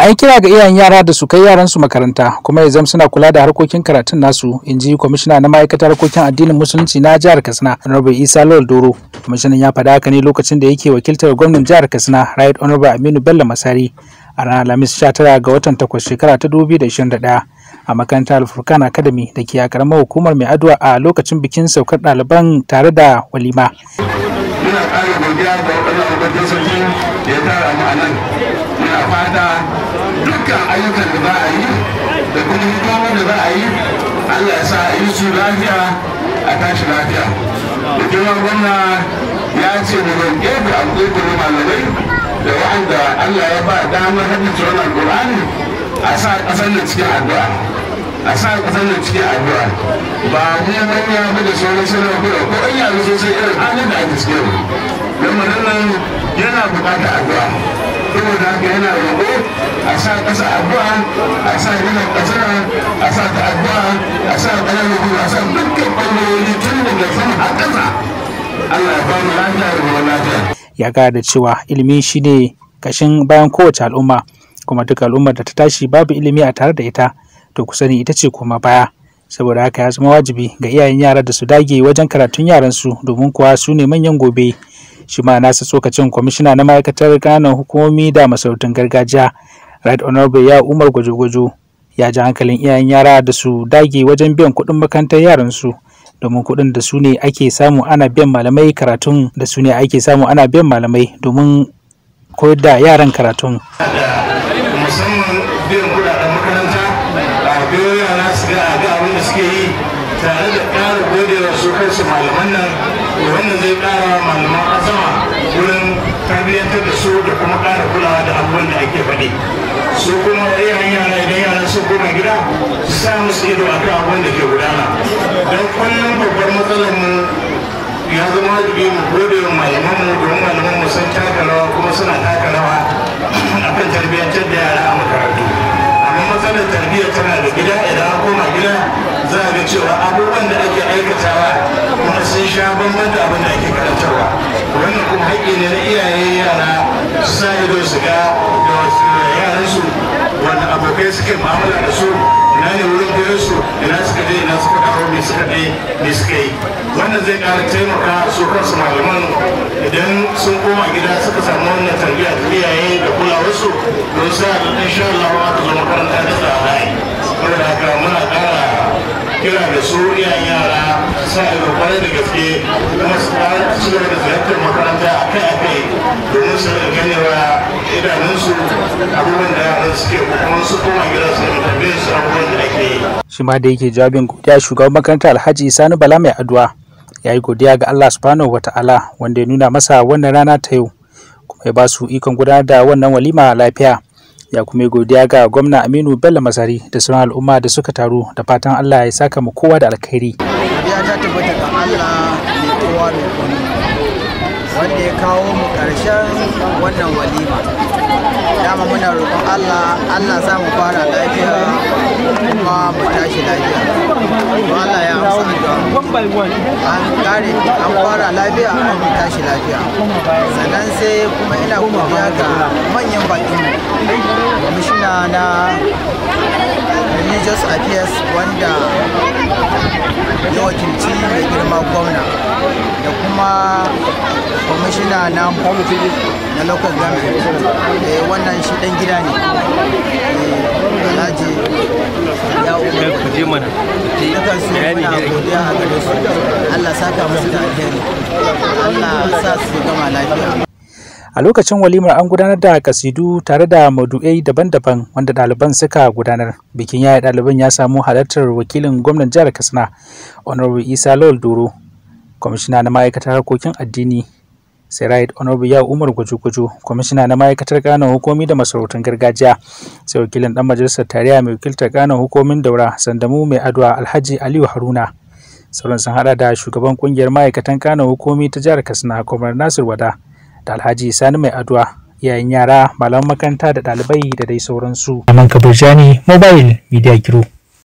an kira ga iyayen yara da su kai yaransu makaranta kuma ya suna kula da harkokin karatun nasu in ji kwamishina na ma'aikatar harkokin addinin musulunci na jihar katsina honorable isa lawal doro kwamishinan ya faɗa haka ne lokacin da yake wakiltar gwamnan jihar katsina right honorable aminu bello masari a ranar alhamis 19 ga watan 8 shekara ta 2021 a makarantar alfurkan academy da ke a karamar hukumar mai adwa a lokacin bikin saukar ɗaliban tare da walima. muna ƙara godiya ga waɗannan abokan sarki da ya tara mu a nan muna fata dukkan ayyukan da za a yi da kuma hidimomin da za a yi allah ya sa a yi su lafiya a tashi lafiya da girman gwamna ya ce mu roƙe da alƙulƙulun malamai da wa'anda allah ya ba damar haddace wannan alƙur'ani a sa ƙasar da cikin addu'a a sa ƙasar da cikin addu'a ba mu wani ya fi da sauran sauran kuma ko an yanzu sosai irin halin da ake cikin mu don nan yana buƙatar addu'a saboda haka yana roƙo a sa ƙasa addu'a a sa yana ƙasa a sa ta addu'a a sa ƙananan kuma a sa dukkan ɓangarori tun daga sama a ƙasa Allah ya ba mu lafiya da kuma lafiya. Ya gaya da cewa ilimi shine kashin bayan kowace al'umma kuma duk al'ummar da ta tashi babu ilimi a tare da ita to ku sani ita ce kuma baya saboda haka ya zama wajibi ga iyayen yara da su dage wajen karatun yaransu domin kuwa su ne manyan gobe shi ma nasa tsokacin kwamishina na ma'aikatar ganin hukumomi da masarautun gargajiya right honorable ya umar gwajo-gwajo ya ji hankalin iyayen yara da su dage wajen biyan kuɗin makarantar su domin kuɗin da su ne ake samu ana biyan malamai karatun da su ne ake samu ana biyan malamai domin koyar da yaran karatun. musamman biyan kuɗaɗen makaranta a biyo ga abin da suke yi tare da ƙara godewa su kansu malaman nan wannan zai kara malaman azama wurin tarbiyyantar da su da kuma kara kulawa da abubuwan da ake faɗi su kuma iyayen yara idan yaran sun koma gida su sa musu ido a kan abubuwan da ke gudana don kwallon babbar matsalar mu ya zama wajibi mu gode wa malaman mu domin malaman mu sun taka rawa kuma suna taka rawa akan tarbiyyantar da yara a makarantu amma matsalar tarbiyyar tana da gida idan an koma gida za a ga cewa abubuwan da ake aikatawa sha bambanta abin da ake karantarwa wannan kuma haƙƙi ne na iyaye yara sa ido su ga da wasu yaransu wanda abokai suke mu'amala da su ina ne wurin biyar su ina suka je ina suka dawo me suka je me suka yi wannan zai ƙara taimaka su kansu malaman idan sun koma gida suka samu wannan tarbiyya ta iyaye da kulawarsu don sa da insha Allah ba ta zama makaranta da tsara haka Muna ƙara kira da su iyayen yara sa ido kwarai da gaske kuma su fara ci gaba da ziyartar makaranta a kai a kai domin su da ganewa idanunsu abubuwan da yaran suke kuma su koma gida su da tambayar su abubuwan da ake yi. shi ma da yake jawabin godiya shugaban makaranta alhaji sani bala mai addu'a ya yi godiya ga allah subhanahu ta'ala wanda ya nuna masa wannan rana ta yau kuma ya ba su ikon gudanar da wannan walima lafiya. ya kuma godiya ga gwamna aminu bello masari da sauran al'umma da suka taru da fatan allah ya saka mu kowa da alkhairi ya ta tabbata ga allah mai kowa wanda ya kawo mu karshen wannan walima dama muna roƙon allah allah za mu fara lafiya kuma mu tashi lafiya to Allah ya amsa addu'a an kare an fara lafiya an tashi lafiya sannan sai kuma ina godiya ga manyan bakin kwamishina na religious affairs wanda ya wakilci mai girma gwamna da kuma kwamishina na na local government wannan shi dan gida ne ya umar a gama lafiya a lokacin walimar an gudanar da kasidu tare da madu'ai daban-daban wanda ɗaliban suka gudanar bikin yaya ɗaliban ya samu halartar wakilin gwamnan jihar katsina honorable isa lawal doro kwamishina na ma'aikatar harkokin addini sai right honorable yau umar gwajo kwamishina na ma'aikatar kanan hukumi da masarautun gargajiya sai wakilin dan majalisar tarayya mai wakiltar kanan hukumin daura sandamu mai adwa alhaji aliyu haruna sauran sun hada da shugaban kungiyar ma'aikatan kanan hukumi ta jihar katsina kwamar nasir wada da alhaji sani mai adwa yayin yara malaman makaranta da ɗalibai da dai sauransu. Aman Kabirjani Mobile Media Group.